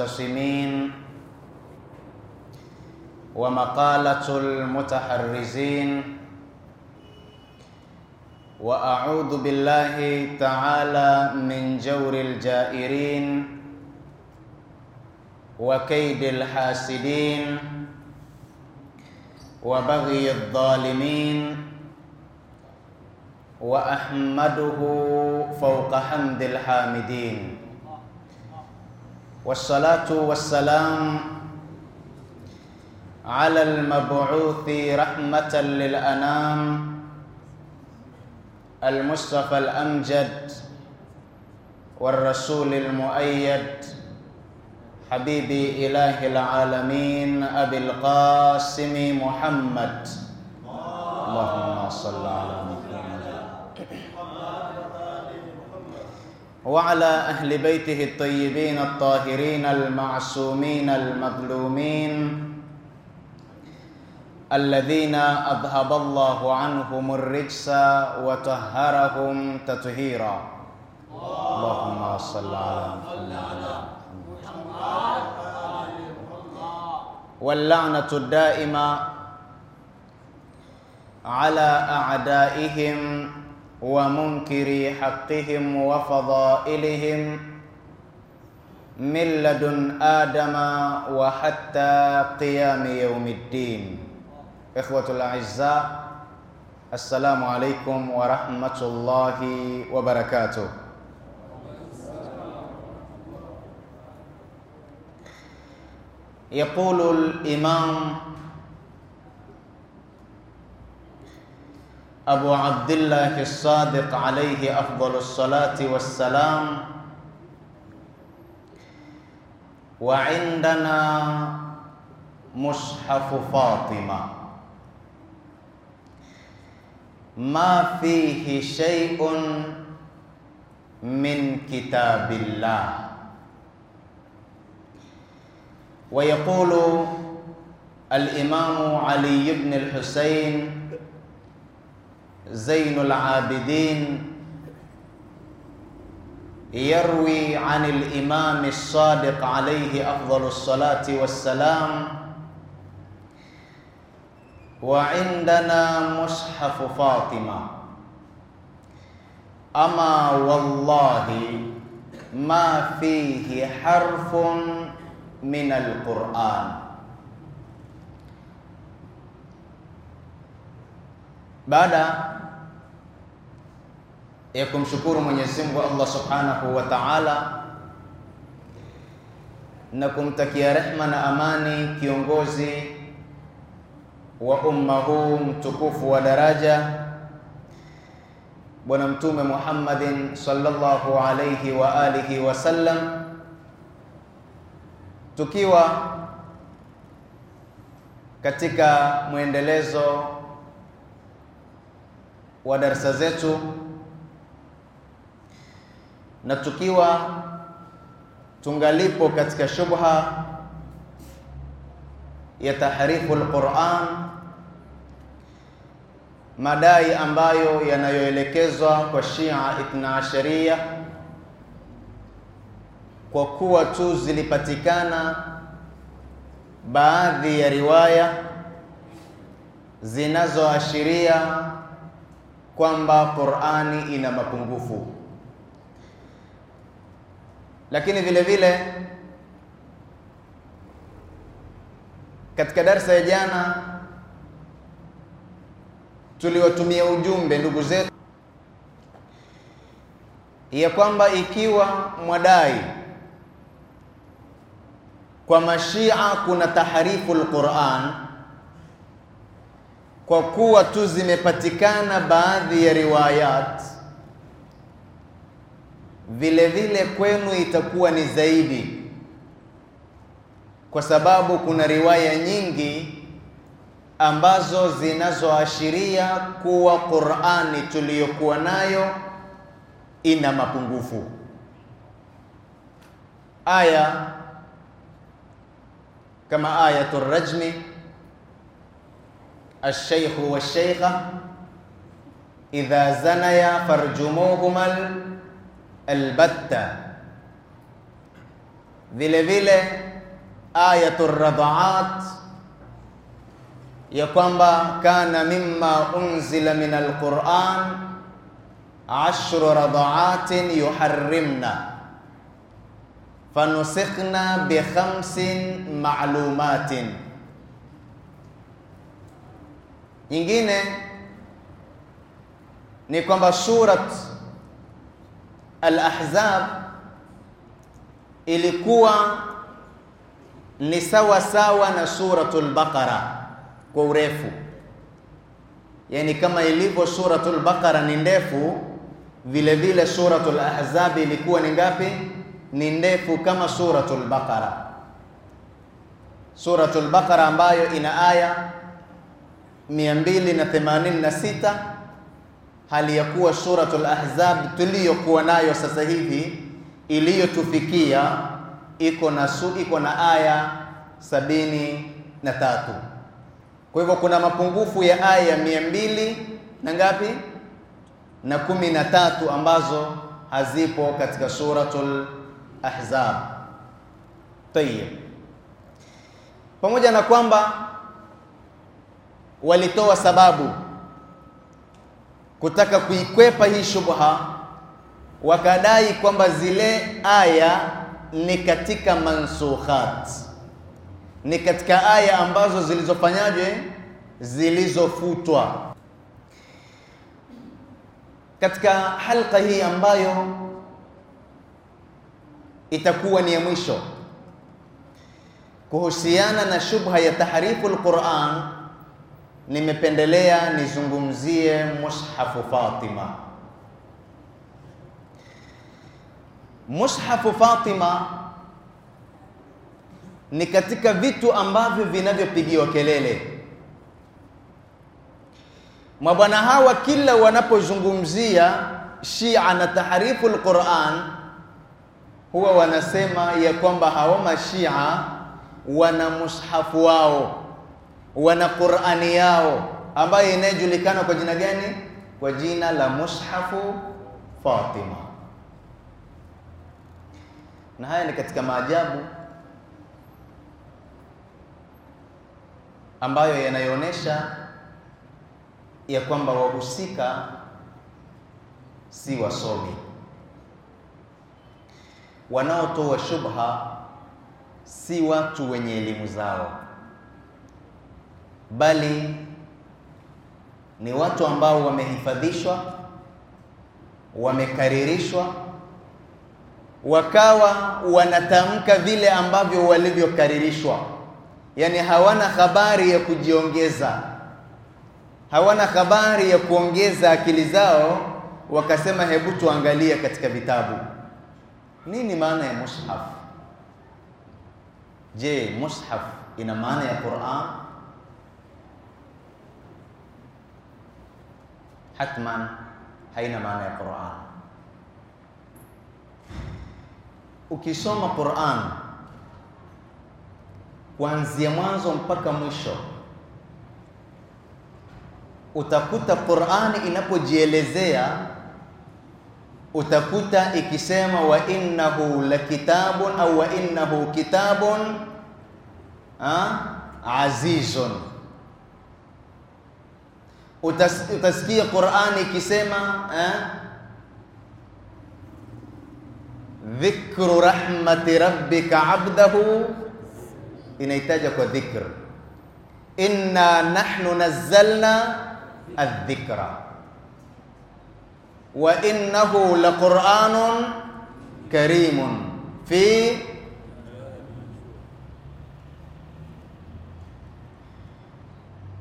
المعتصمين ومقالة المتحرزين وأعوذ بالله تعالى من جور الجائرين وكيد الحاسدين وبغي الظالمين وأحمده فوق حمد الحامدين والصلاة والسلام على المبعوث رحمة للأنام المصطفى الأمجد والرسول المؤيد حبيبي إله العالمين أبي القاسم محمد اللهم صل على محمد وعلى اهل بيته الطيبين الطاهرين المعصومين المظلومين الذين اذهب الله عنهم الرجس وطهرهم تطهيرا اللهم صل على محمد واللعنه الدائمه على اعدائهم ومنكر حقهم وفضائلهم من لدن آدم وحتى قيام يوم الدين إخوة الأعزاء السلام عليكم ورحمة الله وبركاته يقول الإمام أبو عبد الله الصادق عليه أفضل الصلاة والسلام وعندنا مصحف فاطمة ما فيه شيء من كتاب الله ويقول الإمام علي بن الحسين زين العابدين يروي عن الامام الصادق عليه افضل الصلاه والسلام وعندنا مصحف فاطمه اما والله ما فيه حرف من القران بعد ya kumshukuru Mwenyezi Mungu Allah Subhanahu wa Ta'ala na kumtakia rehma na amani kiongozi wa umma huu mtukufu wa daraja Bwana Mtume Muhammadin sallallahu alayhi wa alihi wasallam, tukiwa katika mwendelezo wa darsa zetu na tukiwa tungalipo katika shubha ya tahrifu alquran, madai ambayo yanayoelekezwa kwa Shia Ithnaashariya kwa kuwa tu zilipatikana baadhi ya riwaya zinazoashiria kwamba Qurani ina mapungufu lakini vile vile katika darsa ya jana tuliwatumia ujumbe ndugu zetu ya kwamba ikiwa mwadai kwa mashia kuna taharifu lquran kwa kuwa tu zimepatikana baadhi ya riwayat vile vile kwenu itakuwa ni zaidi, kwa sababu kuna riwaya nyingi ambazo zinazoashiria kuwa Qur'ani tuliyokuwa nayo ina mapungufu. Aya kama ayatu rajmi, alshaykhu walshaykha idha zanaya farjumuhum البتة vile vile ayatul radhaat ya kwamba kana mimma unzila min alquran ashru radhaatin yuharrimna fanusikhna bi khamsin ma'lumatin nyingine ni surat al-Ahzab ilikuwa ni sawa sawa na suratul Baqara kwa urefu, yani kama ilivyo suratul Baqara ni ndefu, vile vile suratul Ahzab ilikuwa ni ngapi? Ni ndefu kama suratul Baqara. Suratul Baqara ambayo ina aya 286 hali ya kuwa suratul Ahzab tuliyokuwa nayo sasa hivi iliyotufikia iko na su, iko na aya sabini na tatu. Kwa hivyo kuna mapungufu ya aya mia mbili na ngapi na kumi na tatu ambazo hazipo katika suratul Ahzab. Tayeb, pamoja na kwamba walitoa sababu kutaka kuikwepa hii shubha, wakadai kwamba zile aya ni katika mansukhat, ni katika aya ambazo zilizofanyaje, zilizofutwa. Katika halqa hii ambayo itakuwa ni ya mwisho kuhusiana na shubha ya tahrifu alquran nimependelea nizungumzie Mushafu Fatima. Mushafu Fatima ni katika vitu ambavyo vinavyopigiwa kelele mabwana hawa, kila wanapozungumzia Shia na taharifu al-Quran huwa wanasema ya kwamba hawa mashia wana mushafu wao wana Qur'ani yao ambayo inayojulikana kwa jina gani? Kwa jina la Mushafu Fatima. Na haya ni katika maajabu ambayo yanayoonyesha ya kwamba wahusika si wasomi, wanaotoa shubha si watu wenye elimu zao bali ni watu ambao wamehifadhishwa, wamekaririshwa, wakawa wanatamka vile ambavyo walivyokaririshwa, yani hawana habari ya kujiongeza, hawana habari ya kuongeza akili zao, wakasema hebu tuangalie katika vitabu. Nini maana ya mushaf? Je, mushaf ina maana ya Qur'an? hatman haina maana ya Qur'an. Ukisoma Qur'an kuanzia mwanzo mpaka mwisho utakuta Qur'ani inapojielezea utakuta ikisema wa innahu lakitabun au wa innahu kitabun ha? Ah, azizun utasikia Qur'ani ikisema eh? dhikru rahmati rabbika abdahu inaitaja kwa dhikr inna nahnu nazzalna adh-dhikra wa innahu laqur'anun karimun fi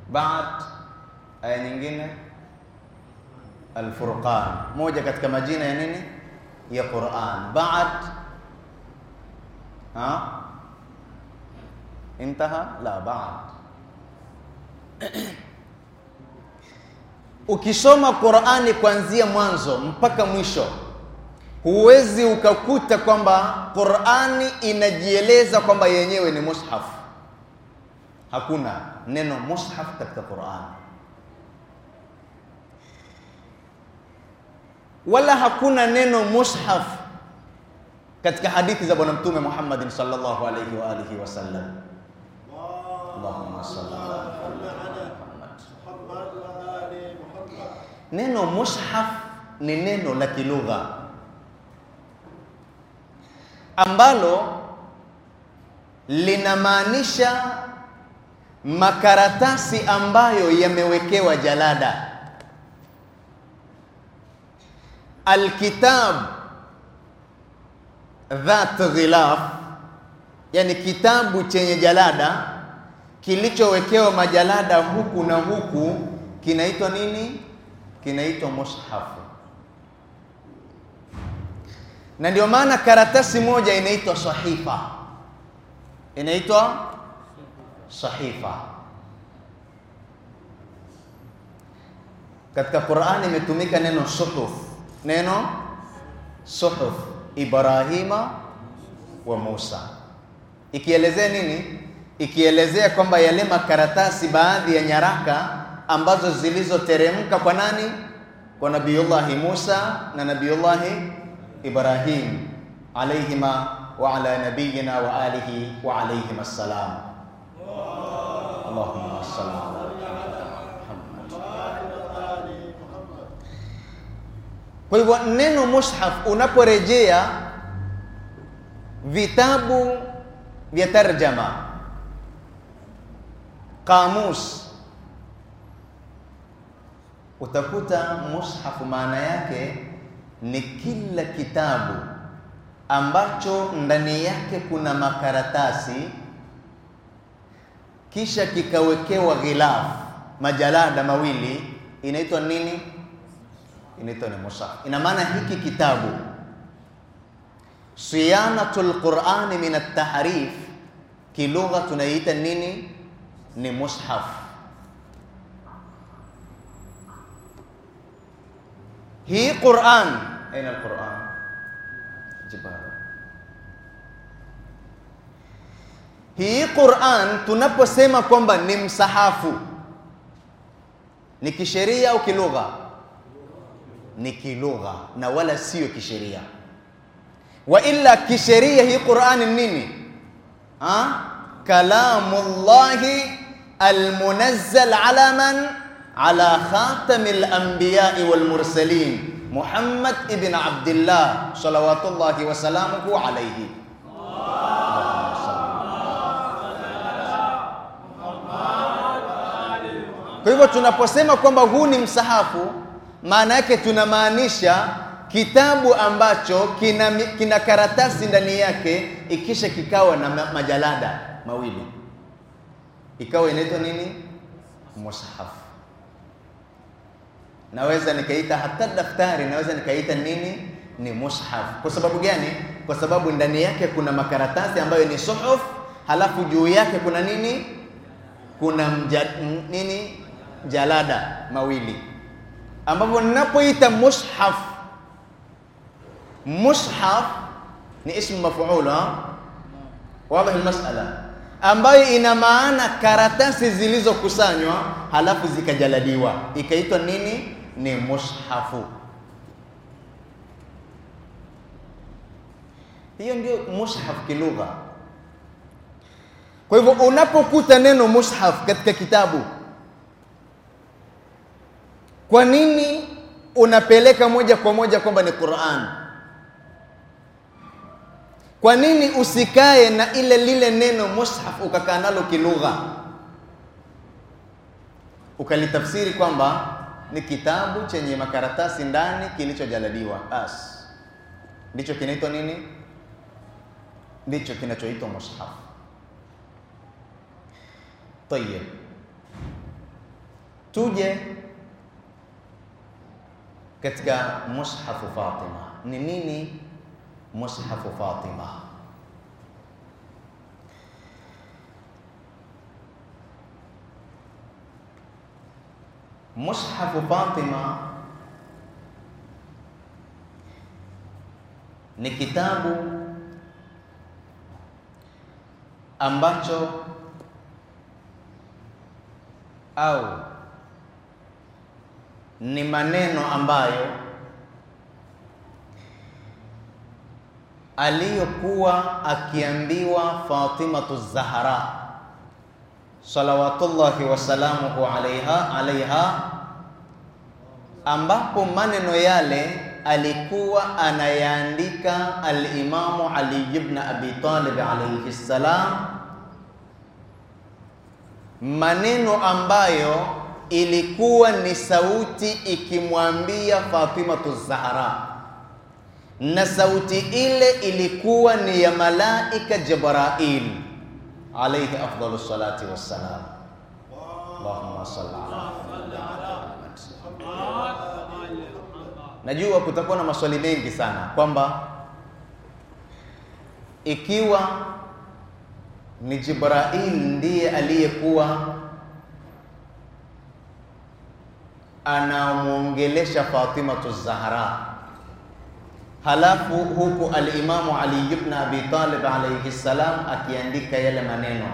بعد aya nyingine Al-Furqan, moja katika majina ya nini ya Qur'an. Baad ha intaha la baad ukisoma Qur'ani kuanzia mwanzo mpaka mwisho huwezi ukakuta kwamba Qur'ani inajieleza kwamba yenyewe ni mushaf. Hakuna neno mushaf katika Qur'ani. wala hakuna neno mushaf katika hadithi za Bwana Mtume Muhammadin sallallahu alayhi wa alihi wasallam. Allahumma salli ala Muhammad. Neno mushaf ni neno la kilugha ambalo linamaanisha makaratasi ambayo yamewekewa jalada alkitab dhat ghilaf, yani kitabu chenye jalada kilichowekewa majalada huku na huku, kinaitwa nini? Kinaitwa mushafu, na ndio maana karatasi moja inaitwa sahifa, inaitwa sahifa. Katika Qur'ani imetumika neno suhuf neno suhuf Ibrahima wa Musa, ikielezea nini? Ikielezea kwamba yale makaratasi, baadhi ya nyaraka ambazo zilizoteremka kwa nani? Kwa Nabiullahi Musa na Nabiullahi Ibrahim alaihima wa ala nabiyina wa alihi wa alayhim assalam. Allahumma salli Kwa hivyo neno mushaf unaporejea vitabu vya tarjama, kamus, utakuta mushafu maana yake ni kila kitabu ambacho ndani yake kuna makaratasi kisha kikawekewa ghilaf, majalada mawili, inaitwa nini? inaitwa ni mushaf. Ina maana hiki kitabu siyanatul Qur'ani min at-tahrif kilugha tunaiita nini? Ni mushaf. Hii Qur'an, aina al-Qur'an? Jibara. Hii Qur'an tunaposema kwamba ni msahafu ni kisheria au kilugha? ni kilugha na wala siyo kisheria. Wa illa kisheria hii Qur'ani nini? Ha? Kalamullahi almunazzal ala man ala khatamil anbiya'i wal mursalin Muhammad ibn Abdullah salawatullahi wasalamuhu alayhi. Kwa hivyo tunaposema kwamba huu ni msahafu maana yake tunamaanisha kitabu ambacho kina, kina karatasi ndani yake, ikisha kikawa na majalada mawili, ikawa inaitwa nini? mushafu Naweza nikaita hata daftari, naweza nikaita nini? Ni mushaf. Kwa sababu gani? Kwa sababu ndani yake kuna makaratasi ambayo ni suhuf, halafu juu yake kuna nini? Kuna mja, nini jalada mawili ambapo ninapoita mushaf, mushaf ni ismu maf'ul, wadhi almas'ala, ambayo ina maana karatasi zilizokusanywa halafu zikajaladiwa ikaitwa nini? Ni mushafu. Hiyo ndio mushaf kilugha. Kwa hivyo unapokuta neno mushaf katika kitabu kwa nini unapeleka moja kwa moja kwamba ni Qur'an? Kwa nini usikae na ile lile neno mushaf ukakaa nalo kilugha ukalitafsiri kwamba ni kitabu chenye makaratasi ndani kilichojaladiwa? As ndicho kinaitwa nini? Ndicho kinachoitwa mushaf. Tayeb, tuje katika mushafu Fatima. Ni nini mushafu Fatima? Mushafu Fatima ni kitabu ambacho au ni maneno ambayo aliyokuwa akiambiwa Fatimatu Zahra salawatullahi wasalamuhu alaiha, alaiha ambapo maneno yale alikuwa anayaandika Alimamu Ali ibn Abi Talib alaihi salam, maneno ambayo ilikuwa ni sauti ikimwambia Fatimatu Zahra, na sauti ile ilikuwa ni ya malaika Jibrail alayhi afdalu salati wassalam. Allahumma salli ala Najua kutakuwa na maswali mengi sana kwamba ikiwa ni Jibrail ndiye aliyekuwa anamwongelesha Fatimatu Zahra, halafu huku alimamu Ali ibn Abi Talib alayhi salam akiandika yale maneno.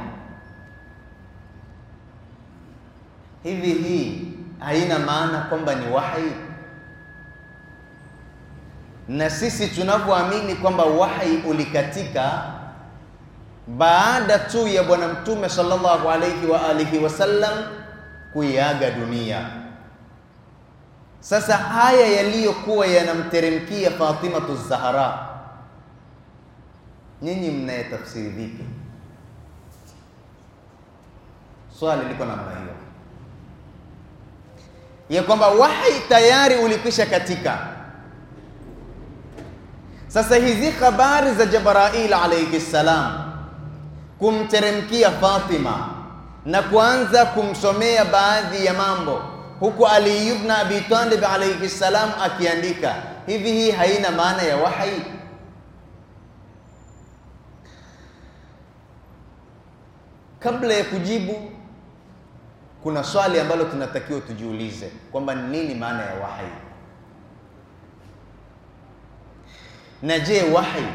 Hivi hii haina maana kwamba ni wahi, na sisi tunavyoamini kwamba wahi ulikatika baada tu ya Bwana Mtume sallallahu alayhi wa alihi wasallam kuiaga dunia sasa haya yaliyokuwa yanamteremkia Fatimatu Zahara, nyinyi mnayetafsiri vipi? Swali liko namna hiyo ya kwamba wahi tayari ulikwisha katika. Sasa hizi habari za Jabrail alayhi salam kumteremkia Fatima na kuanza kumsomea baadhi ya mambo huku Ali ibn Abi Talib alayhi salam akiandika. Hivi hii haina maana ya wahi Kabla ya kujibu, kuna swali ambalo tunatakiwa tujiulize kwamba ni nini maana ya wahi na je, wahi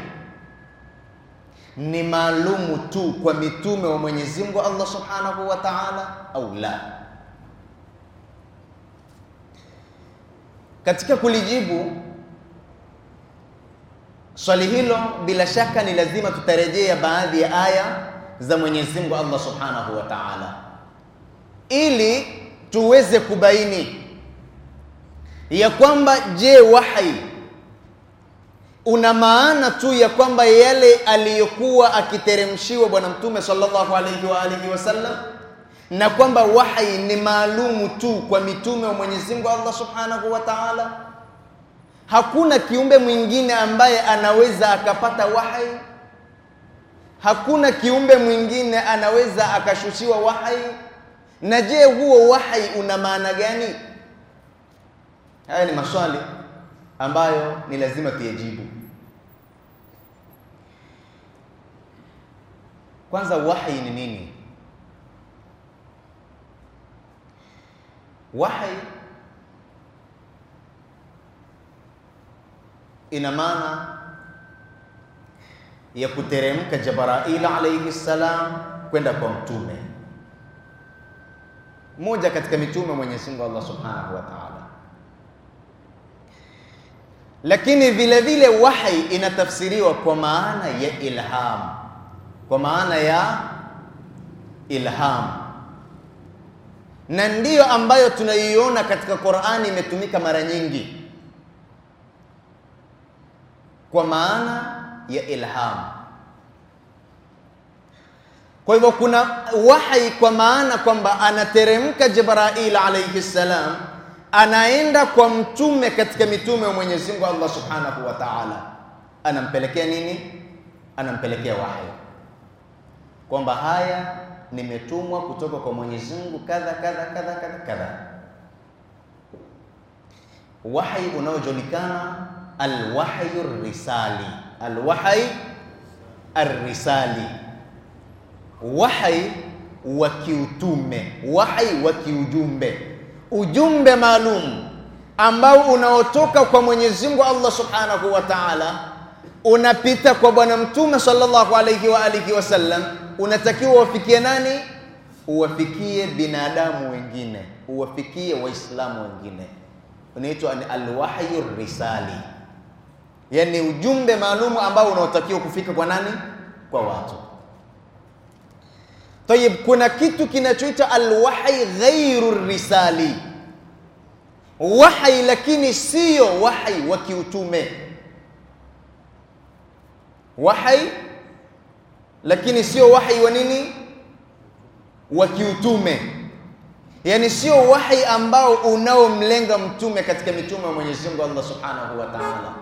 ni maalumu tu kwa mitume wa Mwenyezi Mungu Allah Subhanahu wa Ta'ala au la? Katika kulijibu swali hilo, bila shaka ni lazima tutarejea baadhi ya aya za Mwenyezi Mungu Allah Subhanahu wa Ta'ala, ili tuweze kubaini ya kwamba je, wahi una maana tu ya kwamba yale aliyokuwa akiteremshiwa Bwana Mtume sallallahu alayhi wa alihi wasallam na kwamba wahi ni maalumu tu kwa mitume wa Mwenyezi Mungu Allah Subhanahu wa Ta'ala. Hakuna kiumbe mwingine ambaye anaweza akapata wahi hakuna kiumbe mwingine anaweza akashushiwa wahi Na je, huo wahi una maana gani? Haya ni maswali ambayo ni lazima tuyajibu. Kwanza, wahi ni nini? wahi ina maana ya kuteremka Jibril alayhi salam kwenda kwa mtume, mmoja katika mitume Mwenyezi Mungu Allah Subhanahu wa Ta'ala. Lakini vile vile wahi inatafsiriwa kwa maana ya ilham, kwa maana ya ilham na ndiyo ambayo tunaiona katika Qur'ani imetumika mara nyingi kwa maana ya ilham. Kwa hivyo kuna wahi kwa maana kwamba anateremka Jibril alayhi salam, anaenda kwa mtume katika mitume wa Mwenyezi Mungu Allah Subhanahu wa Ta'ala, anampelekea nini? Anampelekea wahi kwamba haya nimetumwa kutoka kwa Mwenyezi Mungu kadha kadha kadha kadha kadha. Wahi unaojulikana alwahyu risali, alwahyi arrisali, wahyi wa kiutume, wahi wa kiujumbe, ujumbe maalum ambao unaotoka kwa Mwenyezi Mungu Allah Subhanahu wa Ta'ala unapita kwa Bwana Mtume sallallahu alayhi wa alihi wasallam, unatakiwa uwafikie nani? Uwafikie binadamu wengine, uwafikie Waislamu wengine. Unaitwa ni alwahyu risali, yani ujumbe maalum ambao unaotakiwa kufika kwa nani? Kwa watu. Tayib, kuna kitu kinachoitwa alwahyi ghairu risali, wahyi lakini siyo wahyi wa kiutume wahai lakini sio wahai wa nini wa kiutume yani sio wahai ambao unaomlenga mtume katika mitume wa Mwenyezi Mungu Allah Subhanahu wa Ta'ala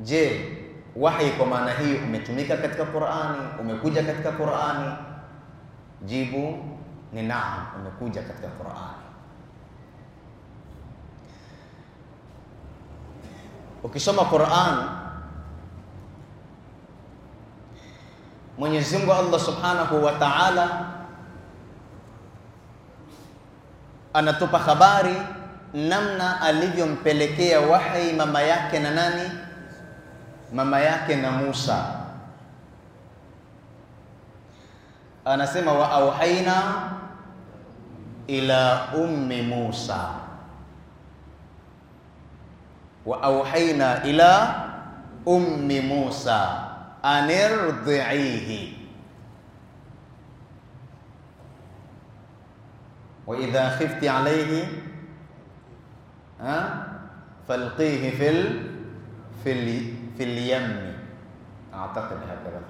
je wahi kwa maana hii umetumika katika Qur'ani umekuja katika Qur'ani jibu ni naam umekuja katika Qur'ani Ukisoma Qur'an, Mwenyezi Mungu Allah Subhanahu wa Ta'ala anatupa habari namna alivyompelekea wahi mama yake na nani? Mama yake na Musa. Anasema wa auhaina ila ummi Musa وأوحينا إلى أم موسى أن ارضعيه وإذا خفت عليه فالقيه في ال... في, ال... في اليم أعتقد هكذا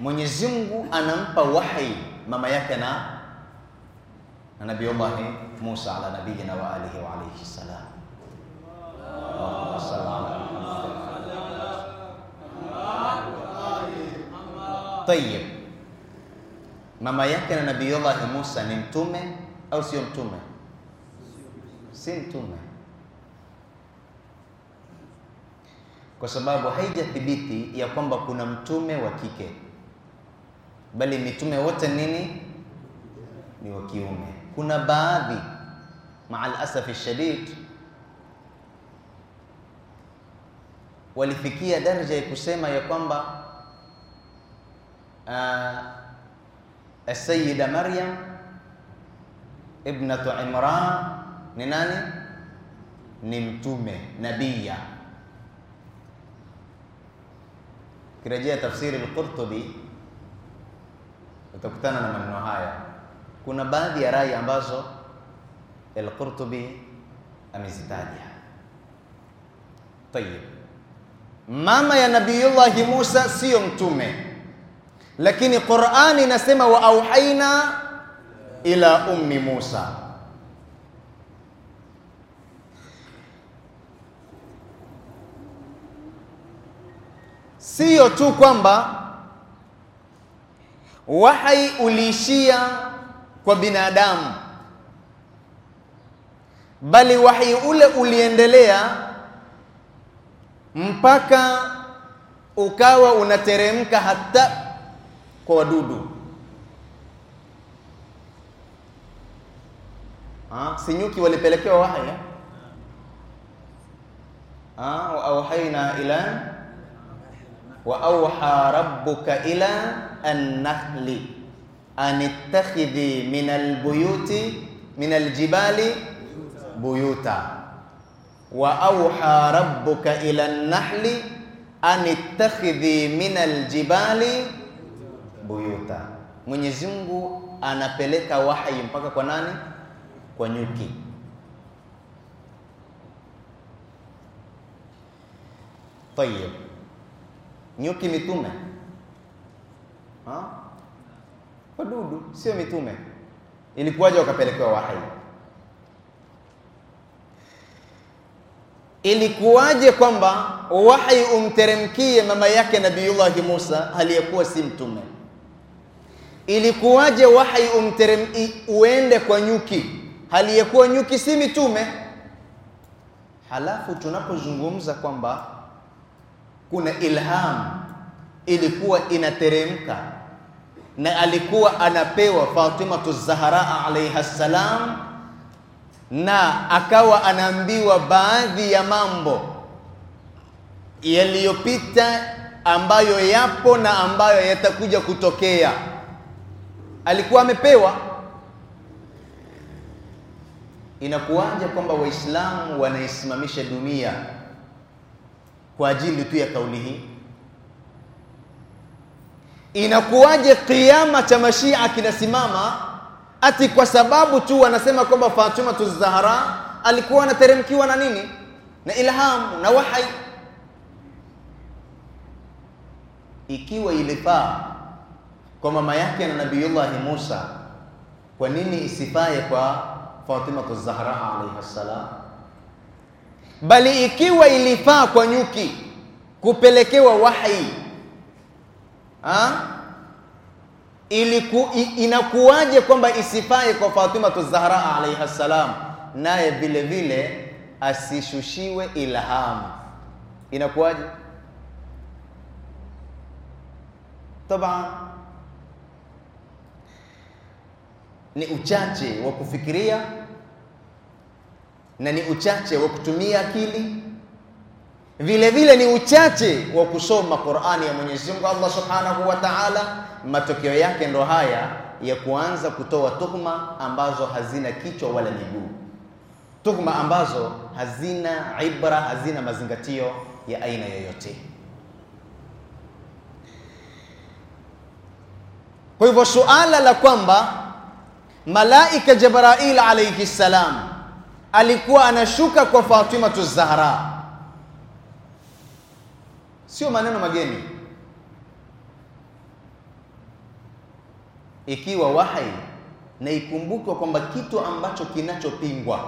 Mwenyezi Mungu anampa wahi mama yake na na Allah Musa ala nabiyina wa alihi wa alayhi salam. Tayyib. Mama yake na Allah Musa ni mtume au sio mtume? Si mtume. Kwa sababu haijathibiti ya kwamba kuna mtume wa kike bali mitume wote nini ni wa kiume. Kuna baadhi maal asafi shadid walifikia daraja ya kusema ya kwamba uh, ah, Sayyida Maryam ibnatu Imran ni nani? Ni mtume nabiya. Kirejea tafsiri al-Qurtubi utakutana na maneno haya. Kuna baadhi ya rai ambazo Al-Qurtubi amezitaja. Tayib, mama ya Nabiyullahi Musa siyo mtume, lakini Qur'ani inasema wa auhaina ila ummi Musa. Siyo tu kwamba Wahai uliishia kwa binadamu, bali wahai ule uliendelea mpaka ukawa unateremka hata kwa wadudu ha? Sinyuki walipelekewa wahai eh? ha? wa ila wa auha rabbuka ila an-nahli anittakhidhi al buyuti min al jibali buyuta wa awha rabbuka ila an-nahli anittakhidhi al jibali buyuta. Mwenyezi Mungu anapeleka wahyi mpaka kwa nani? Kwa nyuki. Tayeb, nyuki mitume ha? wadudu sio mitume. Ilikuwaje wakapelekewa wahi Ilikuwaje kwamba wahi umteremkie mama yake Nabiyullahi Musa aliyekuwa si mtume? Ilikuwaje wahi umterem uende kwa nyuki aliyekuwa nyuki si mitume? Halafu tunapozungumza kwamba kuna ilham ilikuwa inateremka na alikuwa anapewa Fatimatu Zahra alayha salam, na akawa anaambiwa baadhi ya mambo yaliyopita ambayo yapo na ambayo yatakuja kutokea. Alikuwa amepewa. Inakuwaje kwamba Waislamu wanaisimamisha dunia kwa ajili tu ya kauli hii? Inakuwaje kiama cha mashia kinasimama ati kwa sababu tu wanasema kwamba Fatuma zahara alikuwa anateremkiwa na nini, na ilhamu na wahai? Ikiwa ilifaa kwa mama yake na Nabiyullahi Musa, kwa nini isifaye kwa Fatima zahra alayha salam? Bali ikiwa ilifaa kwa nyuki kupelekewa wahai ha? Iliku, inakuwaje kwamba isifae kwa Fatima Zahra alayha salam, naye vile vile asishushiwe ilhamu? Inakuwaje? Taban ni uchache wa kufikiria na ni uchache wa kutumia akili vile vile ni uchache wa kusoma Qur'ani ya Mwenyezi Mungu Allah Subhanahu wa Ta'ala. Matokeo yake ndo haya ya kuanza kutoa tuhma ambazo hazina kichwa wala miguu, tuhma ambazo hazina ibra, hazina mazingatio ya aina yoyote. Kwa hivyo suala la kwamba malaika Jibril alayhi salam alikuwa anashuka kwa Fatimatu Zahra sio maneno mageni. Ikiwa wahi na ikumbukwe kwamba kitu ambacho kinachopingwa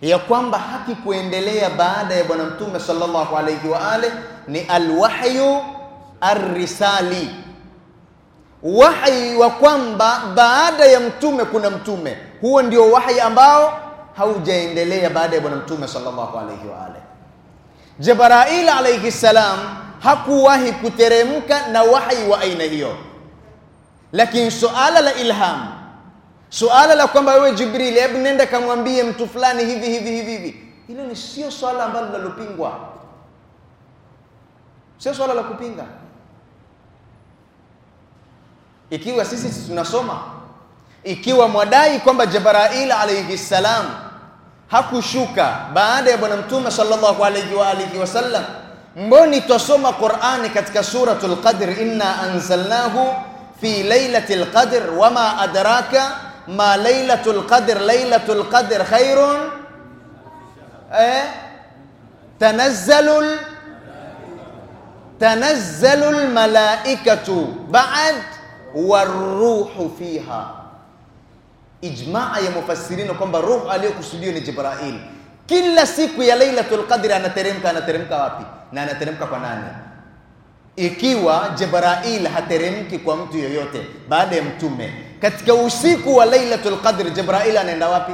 ya kwamba haki kuendelea baada ya Bwana Mtume sallallahu alayhi wa ali ni alwahyu arrisali, wahi wa kwamba baada ya mtume kuna mtume. Huo ndio wahi ambao haujaendelea baada ya Bwana Mtume sallallahu alayhi wa ali. Jibrail alayhi salam hakuwahi kuteremka na wahi wa aina hiyo, lakini suala la ilham, suala la kwamba wewe Jibril, hebu nenda kamwambie mtu fulani hivi hivi hivi hivi, hilo ni sio swala ambalo linalopingwa, sio swala la kupinga. Ikiwa sisi tunasoma, ikiwa mwadai kwamba Jibrail alayhi salam hakushuka baada ya bwana mtume sallallahu alayhi wa alihi wasallam mboni twasoma Qur'ani katika suratul Qadr inna anzalnahu fi lailatil qadr wama adraka ma lailatul qadr lailatul qadr khairun eh tanazzalul tanazzalul malaikatu ba'd والروح فيها ijmaa ya mufassirina kwamba roho aliyokusudiwa ni Jibrail. Kila siku ya Lailatul Qadri anateremka. Anateremka wapi na anateremka kwa nani? Ikiwa Jibrail hateremki kwa mtu yoyote baada ya mtume, katika usiku wa Lailatul Qadri Jibrail anaenda wapi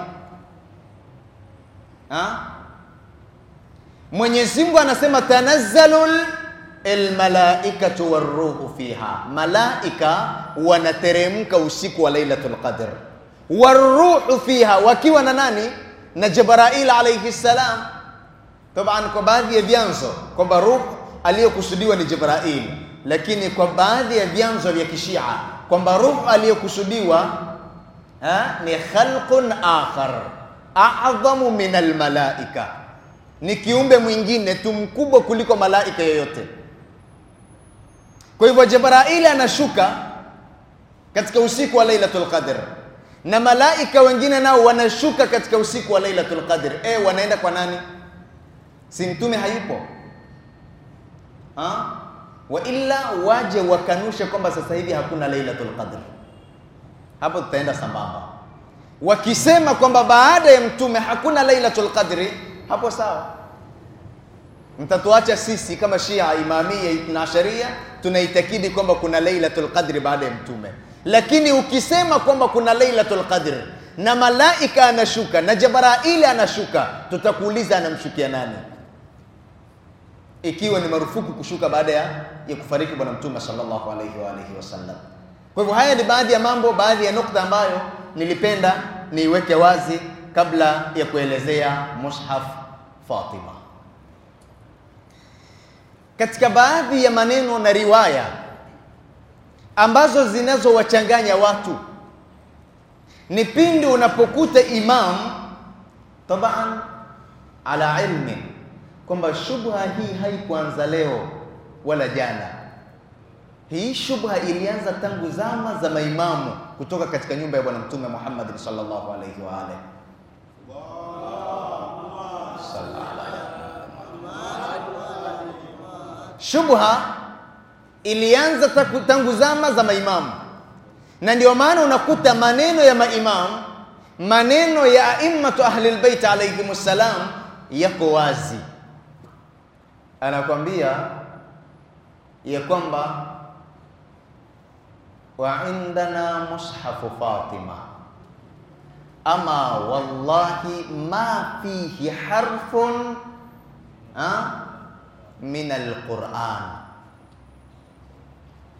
ha? Mwenyezi Mungu anasema tanazzalul almalaikatu waruhu fiha, malaika wanateremka usiku wa Lailatul Qadr waruhu fiha, wakiwa na nani? Na Jibrail alayhi salam. Taban, kwa baadhi ya vyanzo kwamba ruh aliyokusudiwa ni Jibrail, lakini kwa baadhi ya vyanzo vya kishia kwamba ruh aliyokusudiwa ni khalqun akhar a'dhamu min almalaika, ni kiumbe mwingine tu mkubwa kuliko malaika yoyote. Kwa hivyo Jibrail anashuka katika usiku wa Lailatul Qadr na malaika wengine nao wanashuka katika usiku wa Lailatul Qadr. Eh, wanaenda kwa nani? Si mtume hayupo ha? wa illa waje wakanushe kwamba sasa hivi hakuna Lailatul Qadr, hapo tutaenda sambamba. Wakisema kwamba baada ya mtume hakuna Lailatul Qadr, hapo sawa, mtatuacha sisi kama Shia Imamia Itnaasharia tunaitakidi kwamba kuna Lailatul Qadr baada ya mtume. Lakini ukisema kwamba kuna Lailatul Qadr na malaika anashuka na Jabaraili anashuka, tutakuuliza anamshukia nani? Ikiwa ni marufuku kushuka baada ya, ya kufariki Bwana Mtume sallallahu alayhi wa alihi wasallam. Kwa hivyo haya ni baadhi ya mambo, baadhi ya nukta ambayo nilipenda niiweke wazi kabla ya kuelezea mushaf Fatima. Katika baadhi ya maneno na riwaya ambazo zinazowachanganya watu ni pindi unapokuta imam taban ala ilmi kwamba shubha hii haikuanza leo wala jana. Hii shubha ilianza tangu zama za maimamu kutoka katika nyumba ya Bwana Mtume Muhammad sallallahu alaihi wa alihi shubha ilianza tangu zama za maimamu, na ndio maana unakuta maneno ya maimamu, maneno ya aimmatu ahlil bait alayhim salam yako wazi. Anakwambia ya kwamba wa indana mushafu Fatima, ama wallahi ma fihi harfun ha, ah, min alquran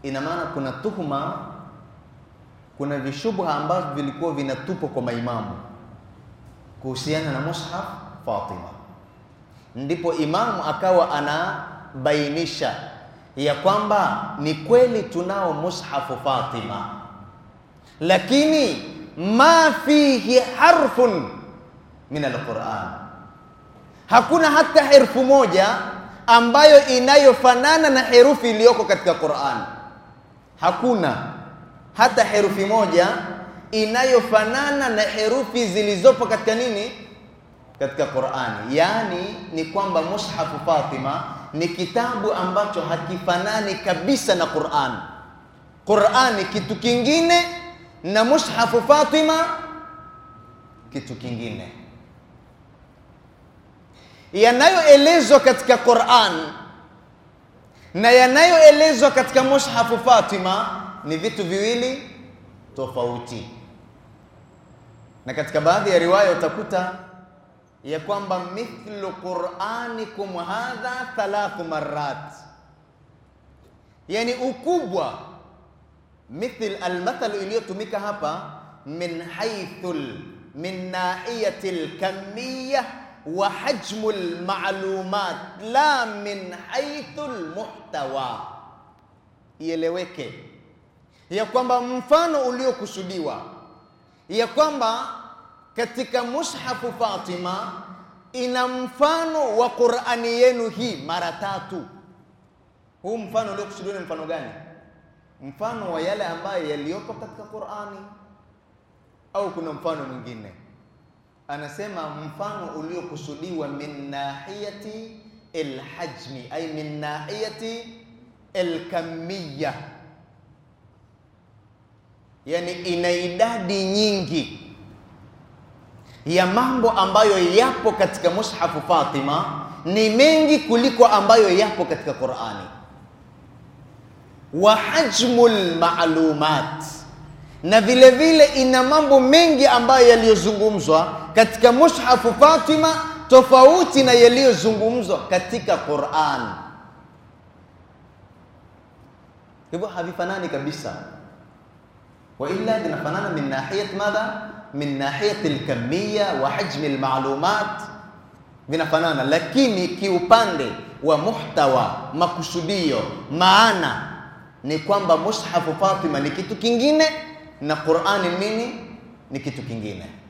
ina maana kuna tuhuma, kuna vishubha ambavyo vilikuwa vinatupwa kwa maimamu kuhusiana na mushaf Fatima, ndipo imamu akawa anabainisha ya kwamba ni kweli tunao mushafu Fatima, lakini ma fihi harfun min alquran, hakuna hata herufu moja ambayo inayofanana na herufi iliyoko katika Qur'an hakuna hata herufi moja inayofanana na herufi zilizopo katika nini? Katika Qur'ani. Yaani ni kwamba Mushafu Fatima ni kitabu ambacho hakifanani kabisa na Qur'an. Qur'ani kitu kingine na Mushafu Fatima kitu kingine. Yanayoelezwa katika Qur'an na yanayoelezwa katika mushafu Fatima ni vitu viwili tofauti, na katika baadhi ya riwaya utakuta ya kwamba mithlu quranikum hadha thalathu marrat, yani ukubwa mithl almathalu iliyotumika hapa min haithul min nahiyati lkamiya wa hajmul maalumat la min haithul muhtawa. Ieleweke ya kwamba mfano uliokusudiwa ya kwamba katika mushafu Fatima ina mfano wa Qur'ani yenu hii mara tatu. Huu mfano uliokusudiwa ni mfano gani? Mfano wa yale ambayo yaliyopo katika Qur'ani au kuna mfano mwingine? anasema mfano uliokusudiwa min nahiyati alhajmi, ay min nahiyati alkamiyya, yani ina idadi nyingi ya mambo ambayo yapo katika mushafu Fatima ni mengi kuliko ambayo yapo katika Qurani. Wa hajmul maalumat na vile vile ina mambo mengi ambayo yaliyozungumzwa katika Mushafu Fatima tofauti na yaliyozungumzwa katika Qur'an. Hivyo havifanani kabisa, wa illa vinafanana min nahiyat madha, min nahiyat alkamiya wa hajmi almalumat, vinafanana lakini kiupande wa muhtawa, makusudio, maana ni kwamba Mushafu Fatima ni kitu kingine na Qur'ani nini ni kitu kingine.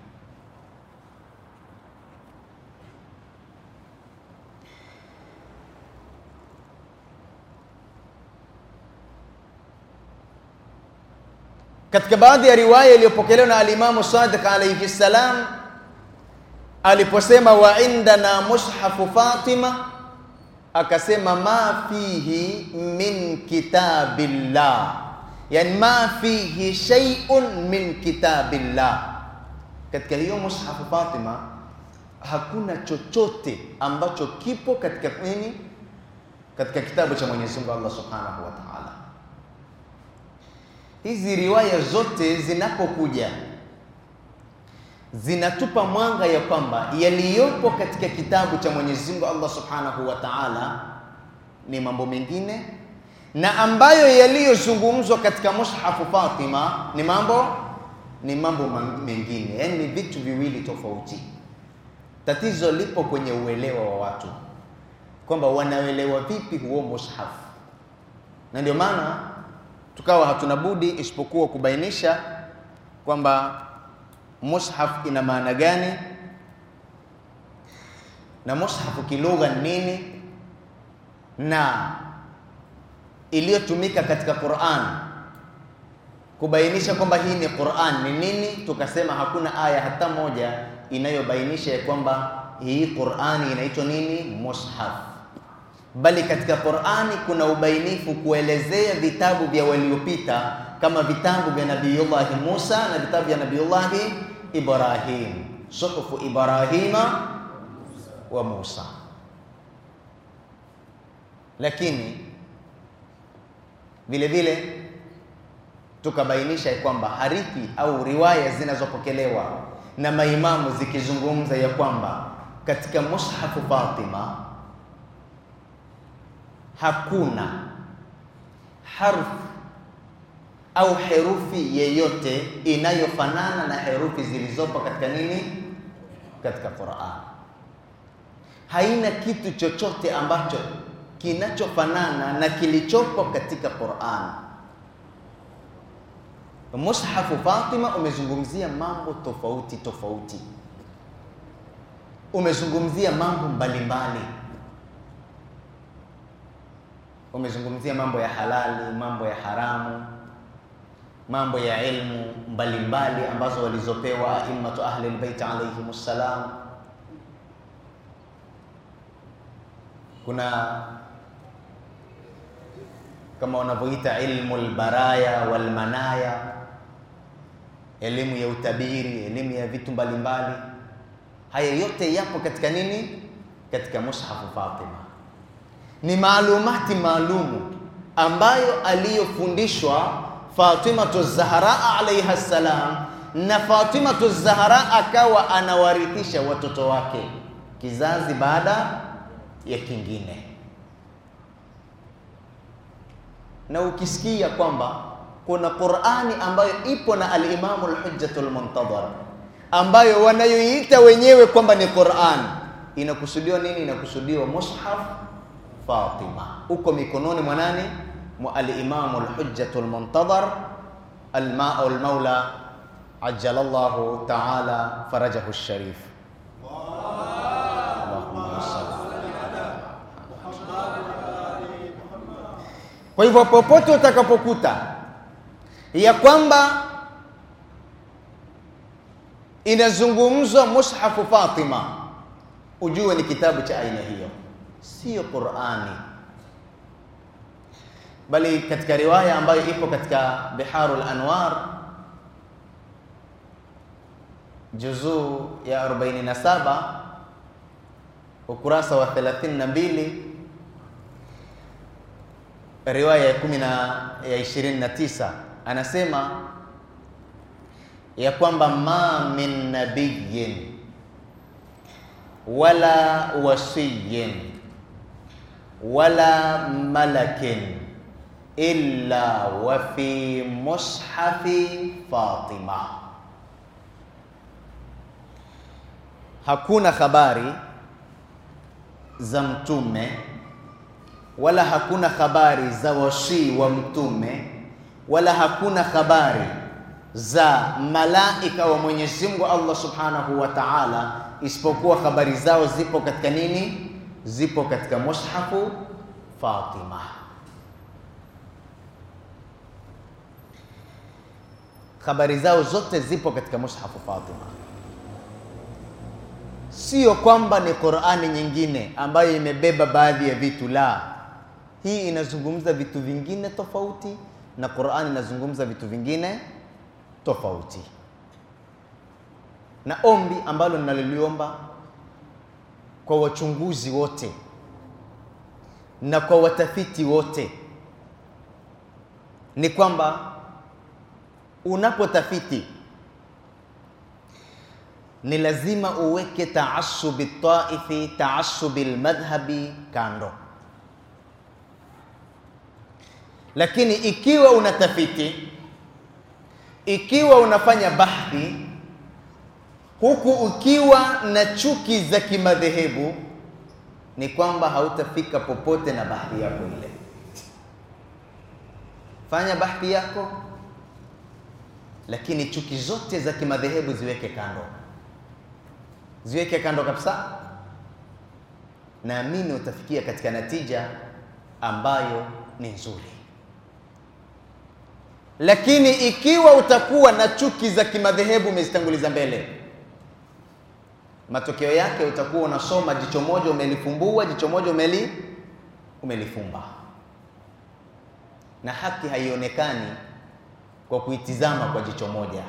Katika baadhi ya riwaya iliyopokelewa na alimamu Sadiq alayhi salam aliposema wa indana mushafu Fatima, akasema ma fihi min kitabillah yani ma fihi shay'un min kitabillah, katika hiyo mushafu Fatima hakuna chochote ambacho kipo katika nini, katika kitabu cha Mwenyezi Mungu Allah Subhanahu wa Ta'ala. Hizi riwaya zote zinapokuja zinatupa mwanga ya kwamba yaliyopo katika kitabu cha Mwenyezi Mungu Allah Subhanahu wa Ta'ala ni mambo mengine na ambayo yaliyozungumzwa katika mushafu Fatima ni mambo ni mambo mengine, yaani ni vitu viwili tofauti. Tatizo lipo kwenye uelewa wa watu kwamba wanaelewa vipi huo mushaf, na ndio maana tukawa hatuna budi isipokuwa kubainisha kwamba mushaf ina maana gani na mushafu kilugha nini na iliyotumika katika Qur'an kubainisha kwamba hii ni Qur'an ni nini, tukasema hakuna aya hata moja inayobainisha ya kwamba hii Qur'ani inaitwa nini, mushaf. Bali katika Qur'ani kuna ubainifu kuelezea vitabu vya waliopita kama vitabu vya Nabiyullahi Musa na vitabu vya Nabiyullahi Ibrahim, suhufu Ibrahima wa Musa, lakini vile vile tukabainisha kwamba harithi au riwaya zinazopokelewa na maimamu zikizungumza ya kwamba katika mushafu Fatima hakuna harfu au herufi yeyote inayofanana na herufi zilizopo katika nini, katika Qur'an. Haina kitu chochote ambacho kinachofanana na kilichopo katika Qur'an. Mushafu Fatima umezungumzia mambo tofauti tofauti, umezungumzia mambo mbalimbali, umezungumzia mambo ya halali, mambo ya haramu, mambo ya ilmu mbalimbali ambazo walizopewa aimatu ahli albayt alayhimus salam. Kuna kama wanavyoita ilmu lbaraya walmanaya, elimu ya utabiri, elimu ya vitu mbalimbali. Haya yote yapo katika nini? Katika mushafu Fatima. Ni maalumati maalumu ambayo aliyofundishwa Fatimatu Zahra alaiha salam, na Fatimatu Zahra akawa anawarithisha watoto wake kizazi baada ya kingine. na ukisikia kwamba kuna Qur'ani ambayo ipo na al-Imamu al-Hujjatul Muntadhar ambayo wanayoiita wenyewe kwamba ni Qur'an, inakusudiwa nini? Inakusudiwa mushaf Fatima, uko mikononi mwa nani? Mwa al-Imamu al-Hujjatul Muntadhar al-Ma'ul Mawla ajjalallahu ta'ala farajahu sharif. Kwa hivyo popote utakapokuta ya kwamba inazungumzwa mushafu Fatima, ujue ni kitabu cha aina hiyo, sio Qurani, bali katika riwaya ambayo ipo katika Biharul Anwar juzuu ya 47 ukurasa wa 32 riwaya ya kumi na ya ishirini na tisa anasema ya kwamba ma min nabiyin wala wasiyin wala malakin illa wa fi mushafi Fatima, hakuna habari za mtume wala hakuna habari za wasii wa mtume wala hakuna habari za malaika wa Mwenyezi Mungu Allah Subhanahu wa Ta'ala, isipokuwa habari zao zipo katika nini? Zipo katika mushafu Fatima. Habari zao zote zipo katika mushafu Fatima, sio kwamba ni Qur'ani nyingine ambayo imebeba baadhi ya vitu la hii inazungumza vitu vingine tofauti na Qur'ani inazungumza vitu vingine tofauti. Na ombi ambalo ninaloliomba kwa wachunguzi wote na kwa watafiti wote ni kwamba unapotafiti ni lazima uweke taasubi taifi, taasubi lmadhhabi kando Lakini ikiwa unatafiti, ikiwa unafanya bahthi, huku ukiwa na chuki za kimadhehebu, ni kwamba hautafika popote na bahthi yako ile. Fanya bahthi yako, lakini chuki zote za kimadhehebu ziweke kando, ziweke kando kabisa. Naamini utafikia katika natija ambayo ni nzuri. Lakini ikiwa utakuwa na chuki za kimadhehebu umezitanguliza mbele, matokeo yake utakuwa unasoma jicho moja umelifumbua, jicho moja umeli umelifumba, na haki haionekani kwa kuitizama kwa jicho moja.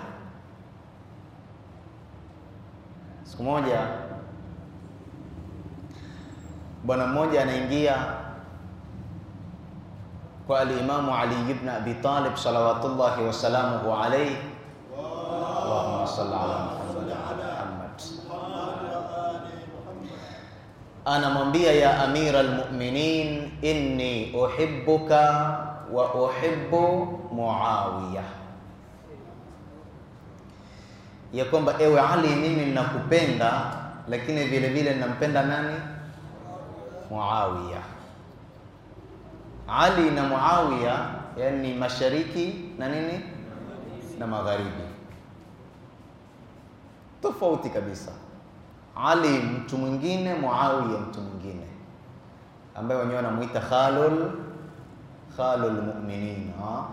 Siku moja bwana mmoja anaingia والإمام علي بن أبي طالب صلوات الله وسلامه عليه اللهم صل على محمد وعلى محمد anamwambia ya amira almuminin inni uhibuka wa uhibu muawiya ya kwamba ewe ali mimi ninakupenda lakini vile vile ninampenda nani muawiya Ali na Muawiya, yani mashariki na nini na magharibi, tofauti kabisa. Ali mtu mwingine, Muawiya mtu mwingine, ambaye wenyewe wanamuita khalul khalul mu'minin ha?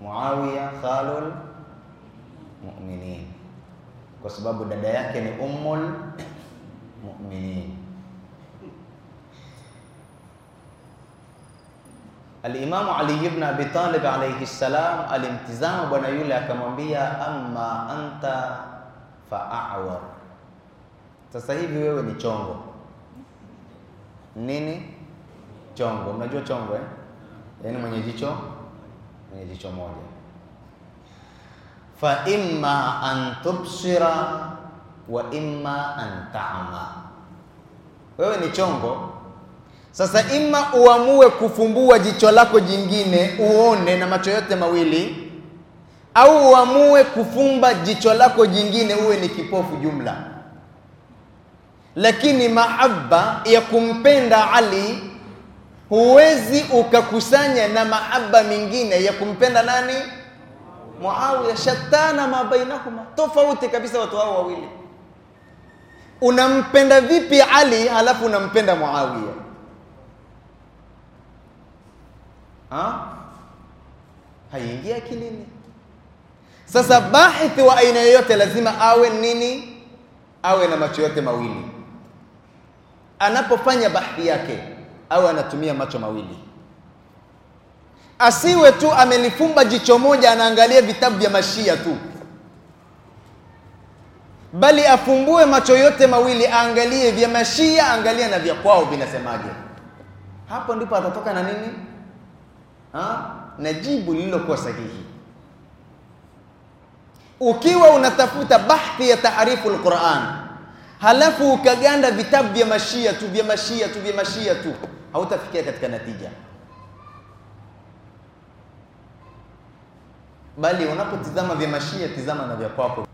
Muawiya khalul mu'minin kwa sababu dada yake ni ummul mu'minin Alimamu Ali ibn Abi Talib alayhi salam alimtizama bwana yule akamwambia, amma anta awar sasa hivi wewe ni chongo. Nini chongo? Mnajua chongo eh? Yaani mwenye jicho mwenye jicho moja. Fa imma an tubsira wa imma an ta'ma, wewe ni chongo sasa ima uamue kufumbua jicho lako jingine uone na macho yote mawili, au uamue kufumba jicho lako jingine uwe ni kipofu jumla. Lakini mahaba ya kumpenda Ali huwezi ukakusanya na mahaba mingine ya kumpenda nani? Muawiya. Shatana mabainahuma, tofauti kabisa watu hao wawili. Unampenda vipi Ali halafu unampenda Muawiya? ha? haingia akilini. Sasa bahithi wa aina yoyote lazima awe nini? Awe na macho yote mawili anapofanya bahthi yake, awe anatumia macho mawili, asiwe tu amelifumba jicho moja anaangalia vitabu vya mashia tu, bali afumbue macho yote mawili, aangalie vya mashia, angalia na vya kwao vinasemaje. Hapo ndipo atatoka na nini ha? na jibu lililokuwa sahihi. Ukiwa unatafuta bahthi ya taarifu lquran halafu ukaganda vitabu vya mashia tu vya mashia tu vya mashia tu, hautafikia katika natija, bali unapotizama vya mashia, tizama na vya kwako,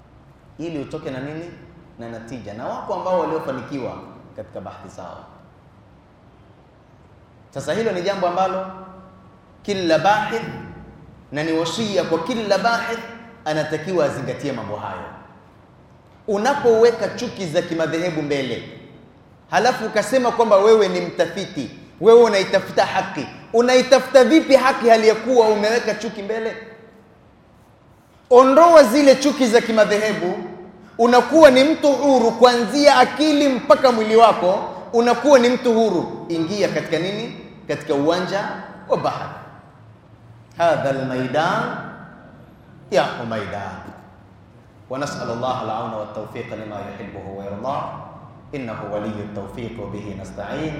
ili utoke na nini na natija. Na wako ambao waliofanikiwa katika bahthi zao. Sasa hilo ni jambo ambalo kila bahith, na ni wasia kwa kila bahith anatakiwa azingatie mambo hayo. Unapoweka chuki za kimadhehebu mbele, halafu ukasema kwamba wewe ni mtafiti, wewe unaitafuta haki, unaitafuta vipi haki hali ya kuwa umeweka chuki mbele? Ondoa zile chuki za kimadhehebu, unakuwa ni mtu huru kuanzia akili mpaka mwili wako, unakuwa ni mtu huru. Ingia katika nini? Katika uwanja wa bahari. هذا الميدان يا حميدان ونسأل الله العون والتوفيق لما يحبه ويرضاه إنه ولي التوفيق وبه نستعين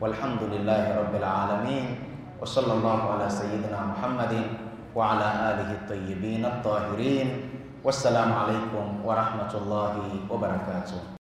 والحمد لله رب العالمين وصلى الله على سيدنا محمد وعلى آله الطيبين الطاهرين والسلام عليكم ورحمة الله وبركاته